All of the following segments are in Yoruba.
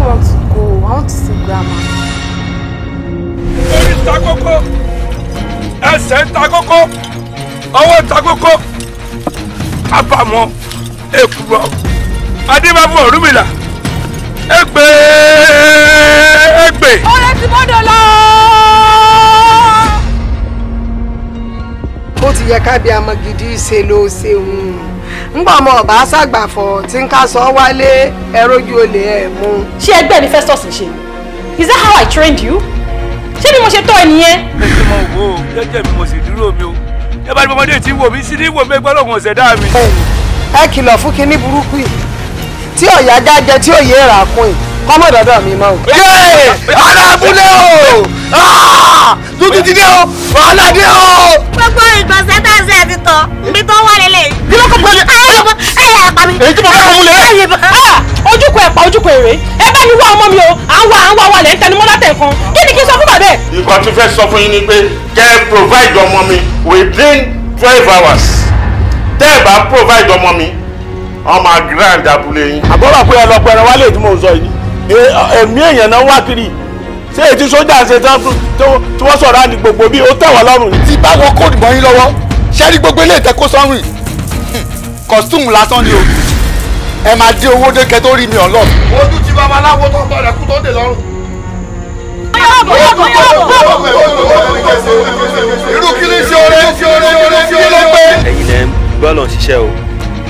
don't want to go. I want to see grandma. Where is kókó, ẹsẹ̀ ń ta kókó, ọwọ́ ń ta kókó, àbàmọ́, èkùrọ̀, adébábọ̀ Ọ̀rúnmìlà, ègbè ègbè. Ó lè ti bọ́dọ̀ lọ. Ó ti yẹ ká bí amagidi ṣe ló ṣe ń ńgbà ọmọ ọba ṣàgbàfọ̀ tí ń ká sọ wálé ẹrójú olè ẹ̀ mú. ṣé ẹgbẹ́ mi Festus ń ṣe is that how I trained you? ṣé bí mo ṣe tọ́ ẹ nìyẹn. ẹ ṣe mọ òwò o jẹ́jẹ́ mi mo sì dúró mi o ẹ bá ní ọmọdé tí ń wò mí sí ní wò mí gbọ́dọ̀ ọ̀sẹ̀ dá mi. ẹ kìlọ̀ fún kinní burúkú yìí tí ọ̀yá jájẹ tí òye rà kún yìí kọ́mọ dọ́dọ̀ mi mọ́ o. yéè alábúlé o ah! dúdú dídé o aládé o èyí tí mo fẹ́ mú lé. ojúkọ ẹ̀pà ojúkọ èrè ẹ bá mi wá ọmọ mi o à ń wá à ń wá wa lẹ́ ń tẹnumọ́ látẹ̀ kan kí ni kí n sọ fún bàbá ẹ̀. nǹkan tí fẹ́ sọ fún yín ni pé kẹ́ ẹ provide ọmọ mi within twelve hours tẹ́ ẹ bá provide ọmọ mi ọmọ grand abúlé yín. àbọ̀rọ̀ pé ọlọ́pàá ẹran wálé tí mò ń sọ yìí ẹ̀mí èèyàn náà wá kiri ṣé ètí sójà ṣe tí wọ́n sọ̀rọ̀ àní gbogbo bíi ó tẹ̀wọ̀ lọ́rùn. ti báwọn kóòdù mọ́ yín lọ́wọ́ ṣẹ́ẹ́rí gbogbo costume lásán ni o ẹ máa dín owó dé kẹ tó rí mi ọlọ. ojú ti babaláwo tó tọ́ rẹ̀ kú tó dé lọ́rùn. irú kí ni gbọ́ lọ́n ṣiṣẹ́ o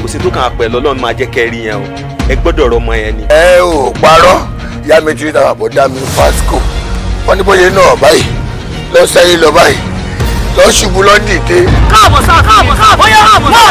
kò sí tó kàn án pẹ̀lú ọlọ́run máa jẹ́ kẹ́ ẹ rí yẹn o ẹ gbọ́dọ̀ rọ ọmọ yẹn ni. ẹ ò parọ́ ìyá mi ti dára bọ̀ dá mi fásco wọ́n ní bóyá náà báyìí lọ sẹ́yìn lọ báyìí lọ ṣubú káàbọ̀ sá káàbọ̀ sá bóyá káàbọ̀ sá.